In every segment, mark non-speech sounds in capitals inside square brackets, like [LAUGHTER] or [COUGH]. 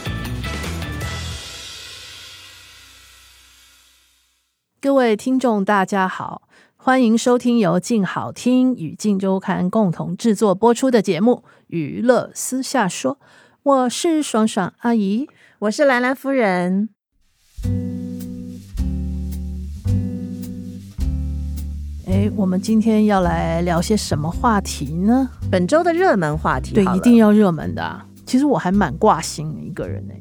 [LAUGHS] 各位聽眾，大家好，歡迎收聽由鏡好聽與鏡週刊共同製作播出的節目《娛樂私下說》。我是爽爽阿姨，我是蘭蘭夫人。哎，我們今天要來聊些什麼話題呢？本周的熱門話題，對，了一定要熱門的。其實我還蠻掛心一個人呢。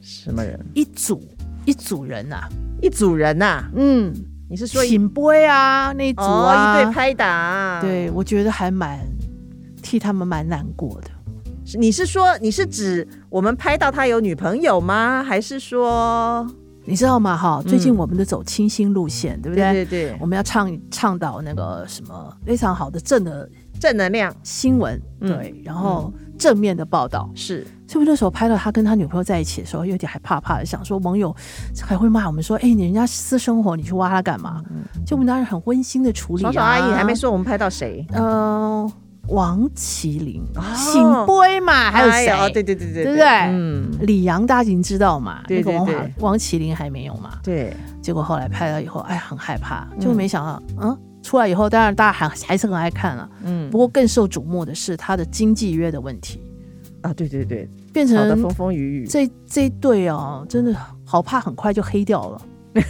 什麼人？一組。一組人吶、啊，一組人吶、啊，嗯，你是說秦博呀？那一組啊，哦、一對拍檔，啊，對，我覺得還蠻替他們蠻難過的、嗯。你是說，你是指我們拍到他有女朋友嗎？還是說你知道嗎？哈，最近我們都走清新路線，嗯、對不對？對，對對，我們要倡倡導那個什麼非常好的正的。正能量新聞，對，然後正面的報道是。就不是那時候拍到他跟他女朋友在一起的時候，有點害怕怕的，想說網友還會罵我們說：“哎，你人家私生活你去挖他幹嘛？”就我們當時很溫馨的處理。爽爽阿姨還沒說我們拍到誰？嗯，王齊麟、秦博嘛，還有誰？對對對對，對不對？嗯，李洋大家已經知道嘛，對對對，王齊麟還沒有嘛，對。結果後來拍了以後，哎，很害怕，就沒想到，嗯。出來以後，當然大家還還是很愛看了、啊，嗯。不過更受矚目的是他的經紀約的問題，啊，對對對，變成了風風雨雨。這這一對哦、啊，真的好怕，很快就黑掉了，嗯、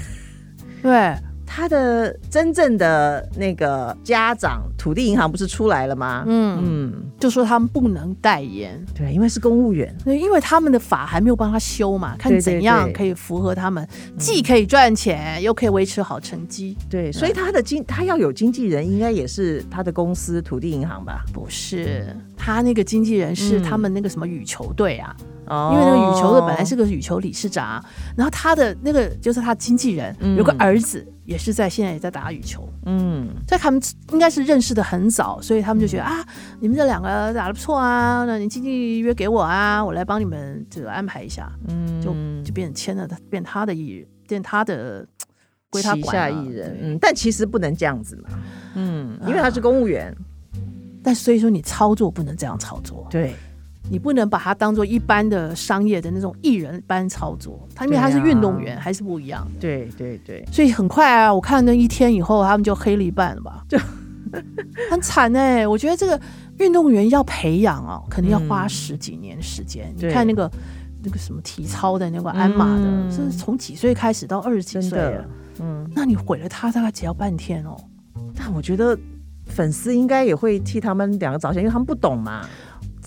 對。 [LAUGHS] 他的真正的那個家長，土地銀行不是出來了嗎？嗯嗯，就說他們不能代言，對，因為是公務員，因為他們的法還沒有幫他修嘛，看怎樣可以符合他們，既可以賺錢又可以維持好成績。對，所以他的經他要有經紀人，應該也是他的公司土地銀行吧？不是，他那個經紀人是他們那個什麼羽球隊啊，哦，因為那個羽球隊本來是個羽球理事長，然後他的那個就是他經紀人有個兒子。也是在現在也在打羽球，嗯，在他們應該是認識的很早，所以他們就覺得、嗯、啊，你們這兩個打得不錯啊，那你經紀約給我啊，我來幫你們這個安排一下，嗯，就就變成簽了，變他的藝人，變他的歸他管藝人，對嗯，但其實不能這樣子嘛，嗯，因為他是公務員，啊、但所以說你操作不能這樣操作，對。你不能把他當做一般的商業的那種藝人般操作，他因為他是運動員，啊、還是不一樣的。對對對，所以很快啊，我看那一天以後，他們就黑了一半了吧，就 [LAUGHS] 很慘哎、欸。我覺得這個運動員要培養哦，肯定要花十幾年時間。嗯、你看那個對那個什麼體操的那個鞍馬的，嗯、是從幾歲開始到二十幾歲、啊、嗯，那你毀了他大概只要半天哦。那我覺得粉絲應該也會替他們兩個着想，因為他們不懂嘛。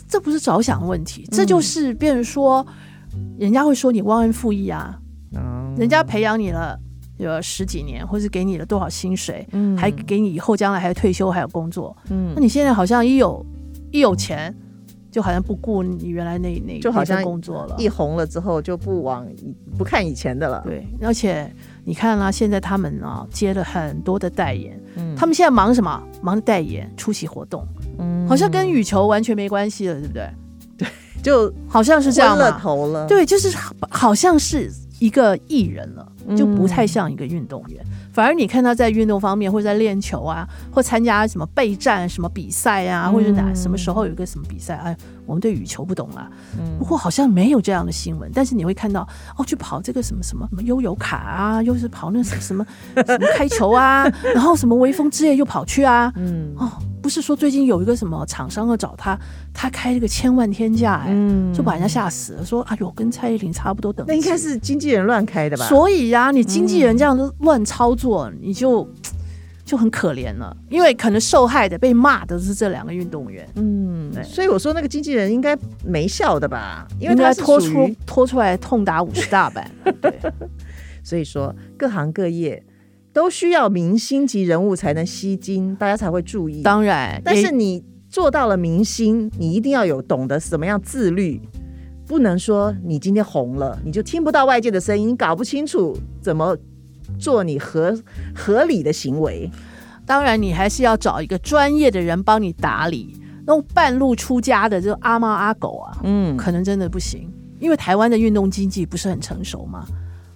這不是着想問題，這就是，變成說，嗯、人家會說你忘恩負義啊，嗯、人家培養你了有了十幾年，或是給你了多少薪水，嗯，還給你以後將來還有退休還有工作，嗯，那你現在好像一有，一有錢，就好像不顧你原來那那就好像工作了，一紅了之後就不往、嗯、不看以前的了，對，而且你看啦，啊，現在他們啊接了很多的代言，他們現在忙什麼？忙着代言，出席活動。好像跟羽球完全沒關係了，對不對？對， [LAUGHS] 就昏了頭了，好像是這樣了，對，就是好，好像是一個藝人了，就不太像一個運動員。嗯、反而你看他在運動方面，或者在練球啊，或參加什麼備戰、什麼比賽啊，嗯、或者哪什麼時候有一個什麼比賽啊、哎，我們對羽球不懂啊。嗯、不過好像沒有這樣的新聞，但是你會看到哦，去跑這個什麼什麼什麼悠遊卡啊，又是跑那什麼什麼什麼開球啊， [LAUGHS] 然後什麼微風之夜又跑去啊，嗯，哦。不是說最近有一個什麼廠商要找他，他開這個千萬天價哎、欸，嗯、就把人家嚇死了。說哎呦，跟蔡依林差不多等級。那應該是經紀人亂開的吧？所以呀、啊，你經紀人這樣亂操作，嗯、你就就很可憐了。因為可能受害的、被罵的是這兩個運動員。嗯，對所以我說那個經紀人應該沒笑的吧？因為他是屬於拖出來痛打五十大板。 [LAUGHS] 對，所以說各行各業。都需要明星級人物才能吸睛，大家才會注意。當然，欸、但是你做到了明星，你一定要有懂得怎麼樣自律，不能說你今天紅了，你就聽不到外界的聲音，搞不清楚怎麼做你合合理的行為。當然，你還是要找一個專業的人幫你打理。那半路出家的，就阿貓阿狗啊，嗯，可能真的不行，因為台灣的運動經紀不是很成熟嘛。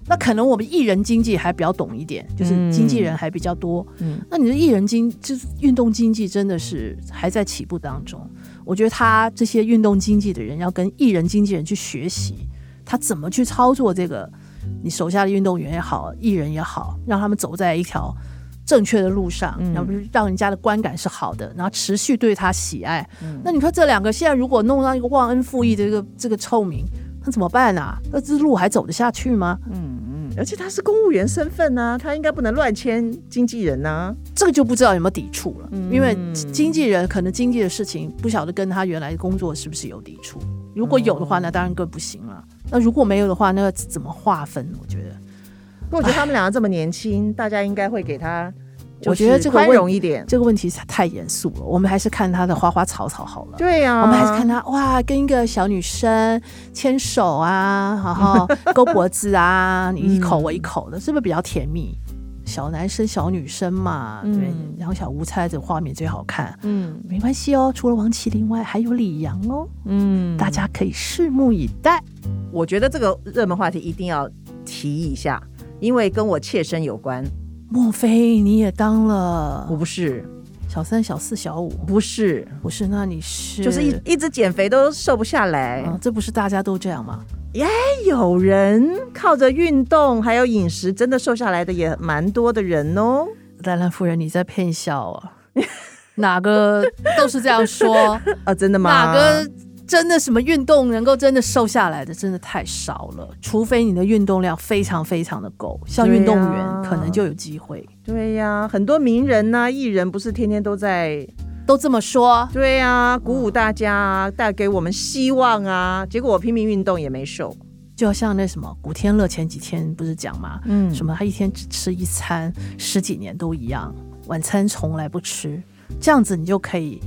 那可能我們藝人經濟還比較懂一點，就是經紀人還比較多。嗯、那你的藝人經就是運動經濟真的是還在起步當中。我覺得他這些運動經濟的人要跟藝人經紀人去學習，他怎麼去操作這個你手下的運動員也好，藝人也好，讓他們走在一條正確的路上，而不是讓人家的觀感是好的，然後持續對他喜愛。嗯、那你說這兩個現在如果弄到一個忘恩負義的這個這個臭名，那怎麼辦啊？那這路還走得下去嗎？嗯。而且他是公務員身份呢、啊，他應該不能亂簽經紀人呢、啊，這個就不知道有沒有抵觸了。嗯、因為經紀人可能經紀的事情不曉得跟他原來工作是不是有抵觸，如果有的話，那、嗯、當然更不行了、啊。那如果沒有的話，那要怎麼劃分？我覺得，我覺得他們兩個這麼年輕，唉大家應該會給他。我覺得這個不融一點，這個問題太嚴肅了。我們還是看他的花花草草好了。對呀、啊，我們還是看他哇，跟一個小女生牽手啊，然後勾脖子啊， [LAUGHS] 你一口我一口的，嗯、是不是比較甜蜜？小男生小女生嘛，嗯、對。然後兩小無猜這畫面最好看。嗯，沒關係哦，除了王齊麟外，還有李洋哦。嗯，大家可以拭目以待。我覺得這個熱門話題一定要提一下，因為跟我切身有關。莫非你也當了？我不是小三、小四、小五，不是，不是，那你是？就是一一直減肥都瘦不下來，嗯，這不是大家都這樣嗎？耶，yeah, 有人靠着運動還有飲食，真的瘦下來的也蠻多的人哦。蘭蘭夫人，你在騙笑啊？ [LAUGHS] 哪個都是這樣說啊， [LAUGHS] 哦？真的嗎？哪個？真的什麼運動能夠真的瘦下來的，真的太少了。除非你的運動量非常非常的夠，像運動員可能就有機會。對呀、啊啊，很多名人吶、啊、藝人不是天天都在都這麼說。對呀、啊，鼓舞大家，哦、帶給我們希望啊。結果我拼命運動也沒瘦，就像那什麼古天樂前幾天不是講嘛，嗯，什麼他一天只吃一餐，十幾年都一樣，晚餐從來不吃，這樣子你就可以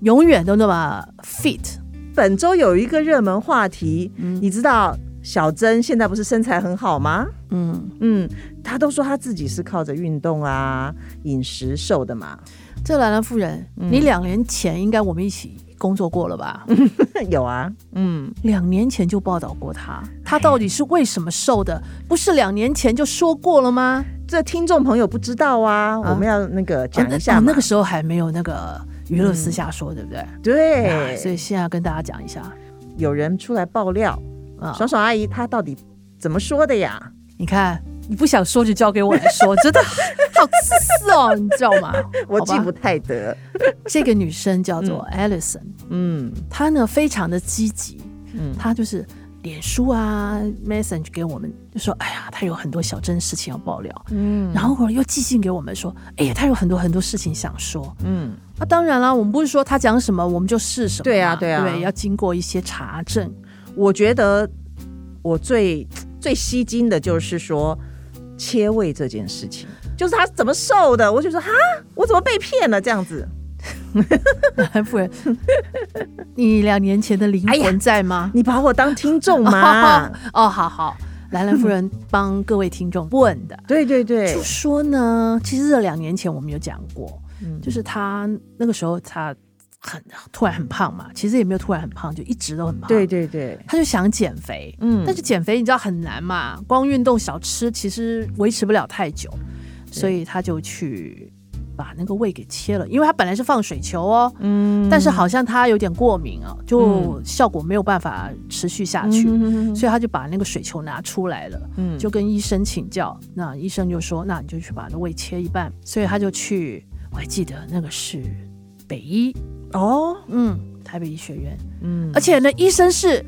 永遠都那麼 fit。本周有一個熱門話題，嗯、你知道小禎現在不是身材很好嗎？嗯嗯，她、嗯、都說她自己是靠着運動啊、飲食瘦的嘛。這蘭蘭夫人，嗯、你兩年前應該我們一起。工作過了吧？ [LAUGHS] 有啊，嗯，兩年前就報道過他他到底是為什麼瘦的？呀不是兩年前就說過了嗎？這聽眾朋友不知道啊，啊我們要那個講一下。我、啊啊、那個時候還沒有那個娛樂私下說，嗯、對不對？對、啊對啊，所以現在要跟大家講一下，有人出來爆料啊，爽爽阿姨她到底怎麼說的呀？哦、你看。你不想說就交給我來說， [LAUGHS] 真的好自私 [LAUGHS] 哦，你知道嗎？我記不太得，這個女生叫做 Alison 嗯，她呢非常的積極，嗯，她就是臉書啊，message 給我們就說，哎呀，她有很多小禎事情要爆料，嗯，然後又寄信給我們說，哎呀，她有很多很多事情想說，嗯、啊，當然啦，我們不是說她講什麼我們就是什麼，對呀、啊，對啊，對，對，要經過一些查證。我覺得我最最吸睛的就是說，嗯切胃這件事情，就是他怎麼瘦的，我就說哈，我怎麼被騙了這樣子？ [LAUGHS] 蘭蘭夫人，你兩年前的靈魂在嗎？哎、你把我當聽眾嗎？ [LAUGHS] 哦，哦，好好，蘭蘭夫人幫各位聽眾問的， [LAUGHS] 對對對，就說呢，其實這兩年前我們有講過，嗯、就是他那個時候他。很突然很胖嘛，其實也沒有突然很胖，就一直都很胖。對對對，他就想減肥，嗯，但是減肥你知道很難嘛，光運動少吃其實維持不了太久，對所以他就去把那個胃給切了，因為他本來是放水球哦，嗯，但是好像他有點過敏啊，就效果沒有辦法持續下去，嗯、所以他就把那個水球拿出來了，嗯、就跟醫生請教，那醫生就說那你就去把那個胃切一半，所以他就去，我還記得那個是北醫。哦，嗯，台北醫學院，嗯，而且呢，醫生是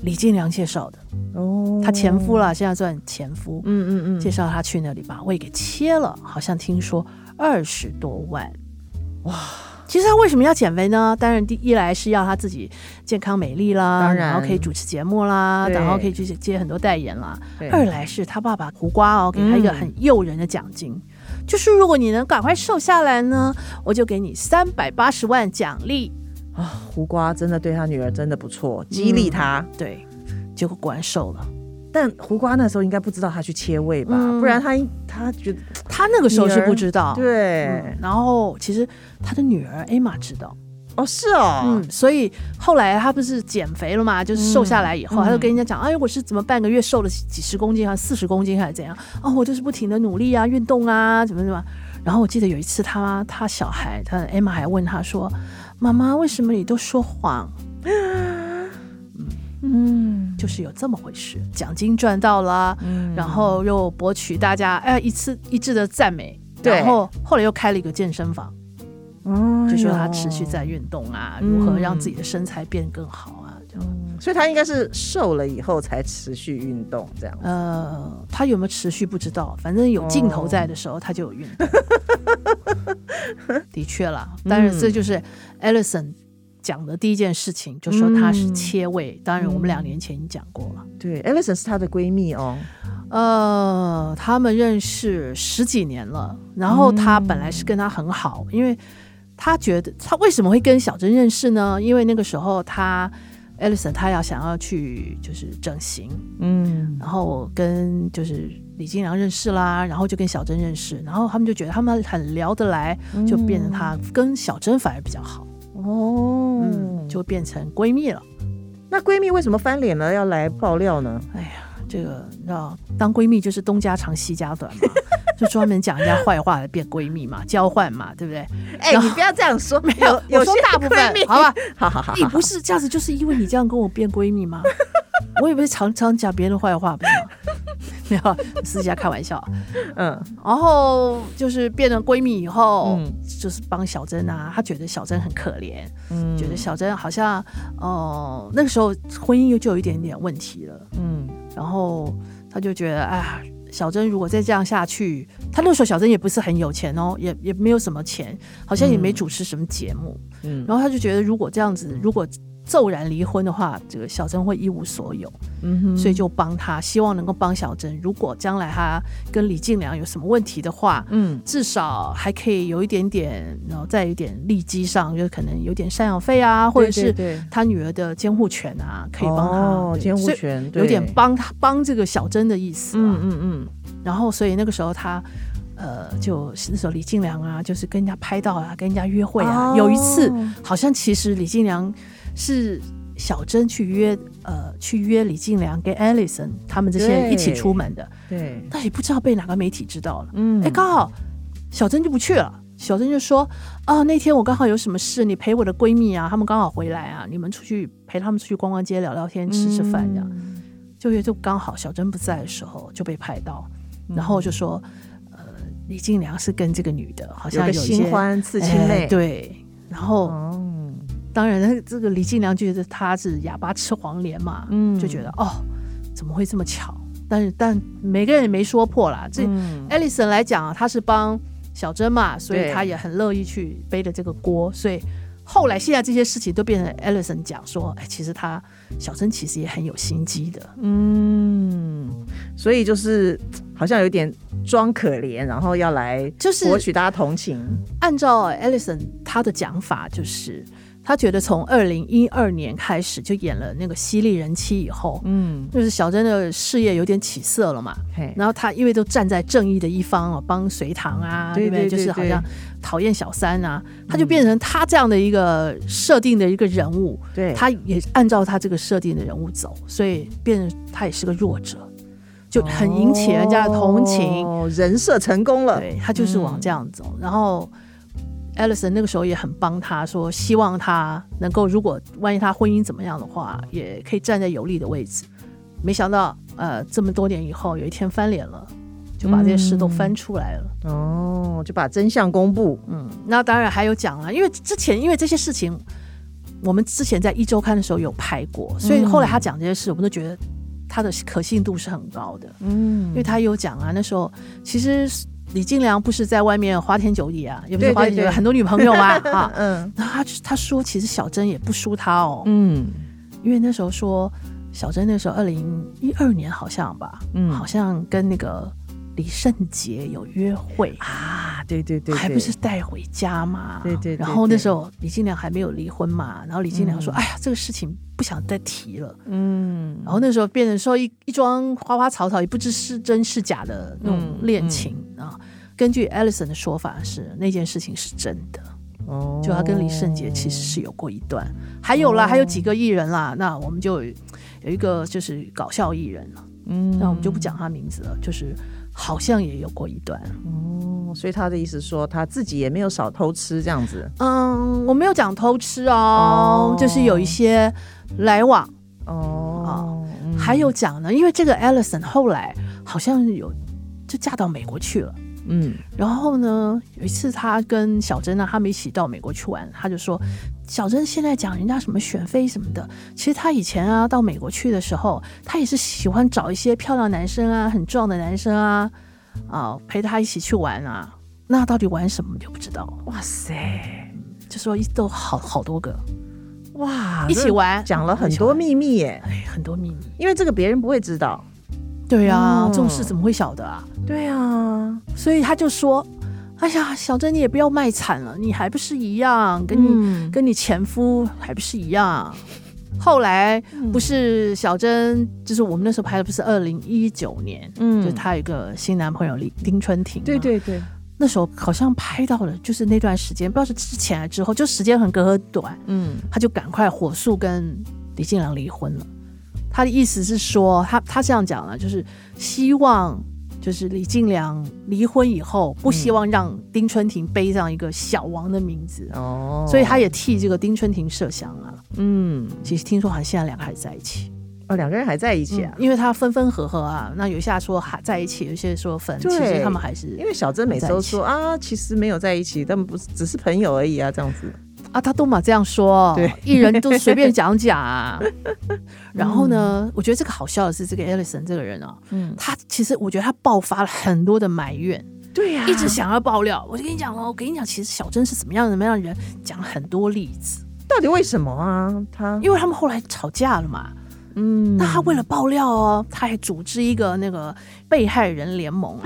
李進良介紹的，哦，他前夫啦，現在算前夫，嗯嗯嗯，嗯嗯介紹他去那裡把胃給切了，好像聽說二十多萬，嗯、哇，其實他為什麼要減肥呢？當然第一來是要他自己健康美麗啦，然，然後可以主持節目啦，對然後可以去接很多代言啦，對二來是他爸爸胡瓜哦給他一個很誘人的獎金。嗯就是如果你能趕快瘦下來呢，我就給你三百八十萬獎勵啊、哦！胡瓜真的對他女兒真的不錯，激勵他。嗯、對，結果果然瘦了。但胡瓜那時候應該不知道他去切胃吧？嗯、不然他他覺得他那個時候是不知道。對、嗯，然後其實他的女兒艾瑪知道。哦，是哦，嗯，所以後來他不是減肥了嘛，就是瘦下來以後，嗯、他就跟人家講，哎，我是怎麼半個月瘦了幾十公斤啊，四十公斤還是怎樣哦，我就是不停的努力啊，運動啊，怎麼怎麼。然後我記得有一次他，他他小孩，他 Emma 還問他說：“媽媽，為什麼你都說謊？”嗯，嗯就是有這麼回事，獎金賺到了，嗯、然後又博取大家哎一次一致的讚美，然後對後來又開了一個健身房。就說他持續在運動啊，哦、如何讓自己的身材變更好啊？樣、嗯、就所以他應該是瘦了以後才持續運動，這樣。呃，他有沒有持續不知道，反正有鏡頭在的時候、哦、他就有運動。 [LAUGHS] 的確啦，嗯、但是這就是 Alison 講的第一件事情，就說她是切胃。嗯、當然，我們兩年前已經講過了。對，Alison 是她的閨蜜哦。呃，他們認識十幾年了，然後她本來是跟她很好，因為。他覺得他為什麼會跟小禎認識呢？因為那個時候他 Alison，他要想要去就是整形，嗯，然後跟就是李進良認識啦，然後就跟小禎認識，然後他們就覺得他們很聊得來，嗯、就變成他跟小禎反而比較好哦，嗯，就變成閨蜜了。那閨蜜為什麼翻臉呢？要來爆料呢？哎呀，這個你知道，當閨蜜就是東家長西家短嘛。 [LAUGHS] 就專門講人家壞話來變閨蜜嘛，交換嘛，對不對？哎，你不要這樣說，沒有，我說大部分，好吧，好好好，你不是這樣子，就是因為你這樣跟我變閨蜜嘛。我也不是常常講別人的壞話，沒有，私下開玩笑。嗯，然後就是變了閨蜜以後，就是幫小禎啊，她覺得小禎很可憐，覺得小禎好像哦，那個時候婚姻又就有一點點問題了，嗯，然後她就覺得啊。小禎如果再這樣下去，他那時候小禎也不是很有錢哦，也也沒有什麼錢，好像也沒主持什麼節目，嗯，然後他就覺得如果這樣子，嗯、如果。驟然離婚的話，這個小禎會一無所有，嗯哼所以就幫他，希望能夠幫小禎。如果將來他跟李進良有什麼問題的話，嗯，至少還可以有一點點，然後在一點利基上，就是可能有點贍養費啊，或者是他女兒的監護權啊，可以幫他監護權，有點幫他幫這個小禎的意思，啊嗯，嗯嗯嗯。然後所以那個時候他，呃，就那時候李進良啊，就是跟人家拍到啊，跟人家約會啊。哦，有一次，好像其實李進良。是小禎去約呃去約李進良跟 Alison 他們這些人一起出門的，對，那也不知道被哪個媒體知道了，嗯，哎、欸，剛好小禎就不去了，小禎就說，哦、啊，那天我剛好有什麼事，你陪我的閨蜜啊，他們剛好回來啊，你們出去陪他們出去逛逛街，聊聊天，嗯、吃吃飯的，就也就剛好小禎不在的時候就被拍到，嗯、然後就說，呃，李進良是跟這個女的，好像有，有新歡，刺青妹，對，然後。哦當然，這個李金良覺得他是啞巴吃黃連嘛，嗯、就覺得哦，怎麼會這麼巧？但是，但每個人也沒說破啦。這 Ellison、嗯、來講啊，他是幫小禎嘛，所以他也很樂意去背着這個鍋。對所以後來，現在這些事情都變成 Ellison 講說：“哎，其實他小禎其實也很有心機的。”嗯，所以就是好像有點裝可憐，然後要來就是博取大家同情。就是按照 Ellison 他的講法，就是。他覺得從二零一二年開始就演了那個《犀利人妻》以後，嗯，就是小禎的事業有點起色了嘛。嘿然後他因為都站在正義的一方啊，幫隋棠啊，嗯、對，不對，對，對對對，就是好像討厭小三啊，嗯、他就變成他這樣的一個設定的一個人物。對、嗯，他也按照他這個設定的人物走，對所以變成他也是個弱者，就很引起人家的同情，哦、人設成功了。對他就是往這樣走，嗯、然後。Ellison 那個時候也很幫他，說希望他能夠，如果萬一他婚姻怎麼樣的話，也可以站在有利的位置。沒想到，呃，這麼多年以後，有一天翻臉了，就把這些事都翻出來了，嗯、哦，就把真相公布。嗯，那當然還有講啊，因為之前因為這些事情，我們之前在壹週刊的時候有拍過，所以後來他講這些事，我們都覺得他的可信度是很高的。嗯，因為他有講啊，那時候其實。李金良不是在外面花天酒地啊？有沒有花天酒地很多女朋友嘛。啊，嗯，然後他他說其實小禎也不輸他哦。嗯，因為那時候說小禎那時候二零一二年好像吧，嗯，好像跟那個李聖杰有約會啊。對對對，對，還不是帶回家嘛。對對，對。然後那時候李金良還沒有離婚嘛。然後李金良說：“嗯、哎呀，這個事情不想再提了。”嗯。然後那時候變成說一一樁花花草草，也不知是真是假的那種戀情。嗯嗯。根據 Allison 的說法是，是那件事情是真的。哦，oh. 就他跟李聖杰其實是有過一段，還有啦，oh. 還有幾個藝人啦。那我們就有一個就是搞笑藝人嗯，mm. 那我們就不講他名字了。就是好像也有過一段，哦，oh. 所以他的意思說他自己也沒有少偷吃這樣子。嗯，我沒有講偷吃哦，oh. 就是有一些來往。哦、oh. 嗯，嗯、還有講呢，因為這個 Allison 後來好像有就嫁到美國去了。嗯，然後呢，有一次他跟小禎啊，他們一起到美國去玩，他就說，小禎現在講人家什麼選妃什麼的，其實他以前啊到美國去的時候，他也是喜歡找一些漂亮男生啊，很壯的男生啊，啊、呃、陪他一起去玩啊。那到底玩什麼就不知道。哇塞，就說一都好好多個，哇，一起玩，講了很多秘密耶，嗯，很多秘密，因為這個別人不會知道。對呀、啊，哦、這種事怎麼會曉得啊？對呀、啊。所以他就說：“哎呀，小禎，你也不要賣慘了，你還不是一樣，跟你、嗯、跟你前夫還不是一樣。”後來、嗯、不是小禎，就是我們那時候拍的，不是二零一九年，嗯，就她有一個新男朋友李丁春婷、啊。對對對，那時候好像拍到了，就是那段時間，不知道是之前還是之後，就時間很隔很短，嗯，他就趕快火速跟李進良離婚了。他的意思是說，他他這樣講了，就是希望就是李進良離婚以後，不希望讓丁春婷背上一個小王的名字哦，嗯、所以他也替這個丁春婷設想啊。嗯，其實聽說好像現在兩個人還在一起哦，兩個人還在一起啊、嗯，因為他分分合合啊。那有些說還在一起，有些說分。對其實他們還是因為小禎每次都說啊，其實沒有在一起，但不是只是朋友而已啊，這樣子。啊，他都嘛這樣說，藝對 人都隨便講講，啊。 [LAUGHS] 然後呢，嗯、我覺得這個好笑的是這個 Alison 這個人哦，嗯，他其實我覺得他爆發了很多的埋怨，對呀，啊，一直想要爆料。我就跟你講哦，我跟你講，其實小禎是怎麼樣，怎麼樣的人，講很多例子。到底為什麼啊？他因為他們後來吵架了嘛，嗯。那他為了爆料哦，他還組織一個那個被害人聯盟啊，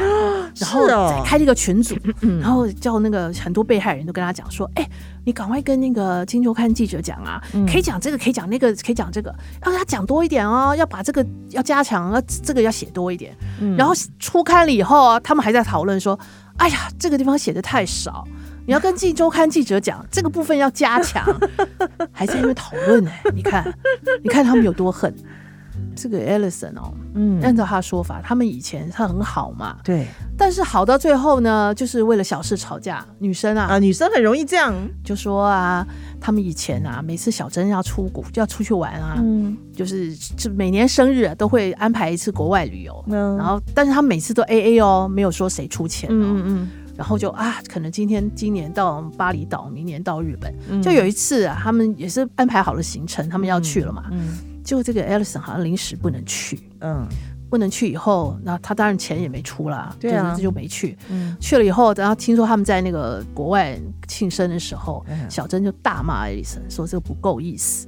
是哦，然後再開一個群組，是哦，然後叫那個很多被害人都跟他講說，哎、欸。你趕快跟那個《金週刊》記者講啊，可以講這個，可以講那個，可以講這個，要他講多一點哦，要把這個要加強，要這個要寫多一點。嗯、然後出刊了以後啊，他們還在討論說：“哎呀，這個地方寫的太少，你要跟《金週刊》記者講， [LAUGHS] 這個部分要加強。”還在那邊討論哎，你看，你看他們有多狠。這個 Allison 哦，嗯，按照他的說法，他們以前他很好嘛，對，但是好到最後呢，就是為了小事吵架。女生啊，啊，女生很容易這樣，就說啊，他們以前啊，每次小禎，要出國就要出去玩啊，嗯，就是就每年生日、啊、都會安排一次國外旅遊，嗯，然後但是他們每次都 A A 哦，沒有說誰出錢、哦嗯，嗯嗯，然後就啊，可能今天今年到巴厘島，明年到日本，就有一次啊，他們也是安排好了行程，他們要去了嘛，嗯。嗯就這個 Alison 好像臨時不能去，嗯，不能去以後，那他當然錢也沒出啦，對啊，就，就沒去。嗯，去了以後，然後聽說他們在那個國外慶生的時候，嗯，小珍就大罵 Alison 說這個不夠意思。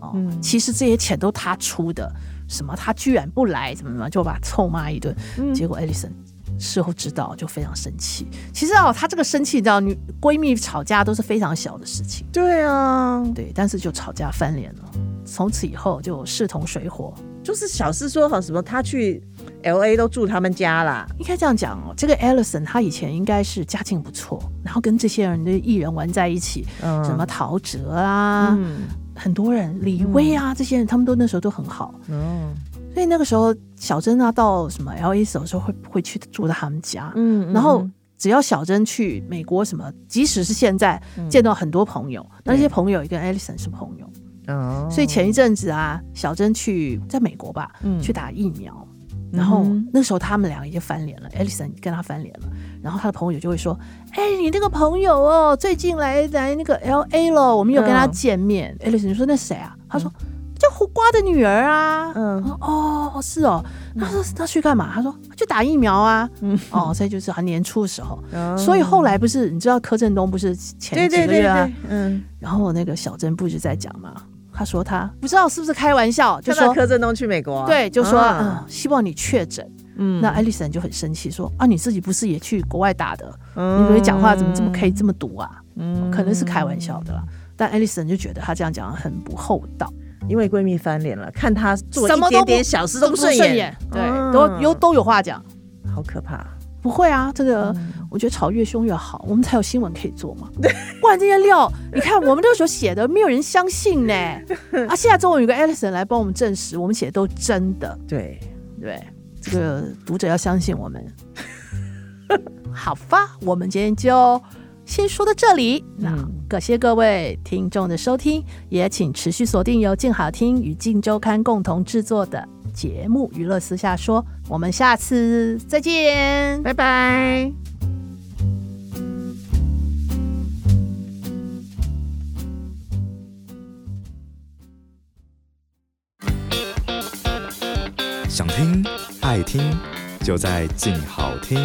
哦，嗯，其實這些錢都他出的，什麼他居然不來，怎麼怎麼就把他臭罵一頓。嗯，結果 Alison 事後知道就非常生氣。其實哦，他這個生氣，你知道，閨蜜吵架都是非常小的事情。對啊，對，但是就吵架翻臉了。從此以後就勢同水火，就是小禎說好什麼，他去 L A 都住他們家了。應該這樣講哦，這個 Allison 他以前應該是家境不錯，然後跟這些人的藝人玩在一起，嗯、什麼陶喆啊，嗯、很多人李威啊，嗯、這些人他們都那時候都很好。嗯，所以那個時候小禎啊到什麼 L A 有時候會會去住到他們家。嗯，嗯然後只要小禎去美國，什麼即使是現在見到很多朋友，那、嗯、些朋友也跟 Allison 是朋友。所以前一陣子啊，小禎去在美國吧，嗯、去打疫苗，然後、嗯、那時候他們倆已經翻臉了，嗯、Alison 跟他翻臉了。然後他的朋友就會說：“哎、欸，你那個朋友哦，最近來來那個 L A 了，我們有跟他見面。嗯” Alison 說：“那誰啊？”他說：“嗯、叫胡瓜的女兒啊。”嗯，哦，是哦。他說：“他去幹嘛？”他說：“去打疫苗啊。”嗯，哦，所以就是還年初的時候，嗯、所以後來不是你知道柯震東不是前幾個月、啊、對對對對嗯，然後那個小禎不是直在講嘛。他說他不知道是不是開玩笑，就說柯震東去美國，對，就說、啊嗯、希望你確診。嗯，那愛麗森就很生氣，說啊，你自己不是也去國外打的？嗯、你們講話怎麼這麼可以這麼毒啊？嗯，可能是開玩笑的啦。但愛麗森就覺得他這樣講很不厚道，因為閨蜜翻臉了，看他做一點點小事都不順眼，順眼嗯、對，都有都有話講，嗯、好可怕。不會啊，這個。嗯我覺得吵越凶越好，我們才有新聞可以做嘛。 [LAUGHS] 不然這些料，你看我們這個時候寫的，沒有人相信呢。啊，現在終於有個艾莉森來幫我們證實，我們寫的都真的。對對，這個 [LAUGHS] 讀者要相信我們。好吧？我們今天就先說到這裡。嗯，那感謝各位聽眾的收聽，也請持續鎖定由靜好聽與靜週刊共同製作的節目《娛樂私下說》，我們下次再見，拜拜。聽，就在靜好聽。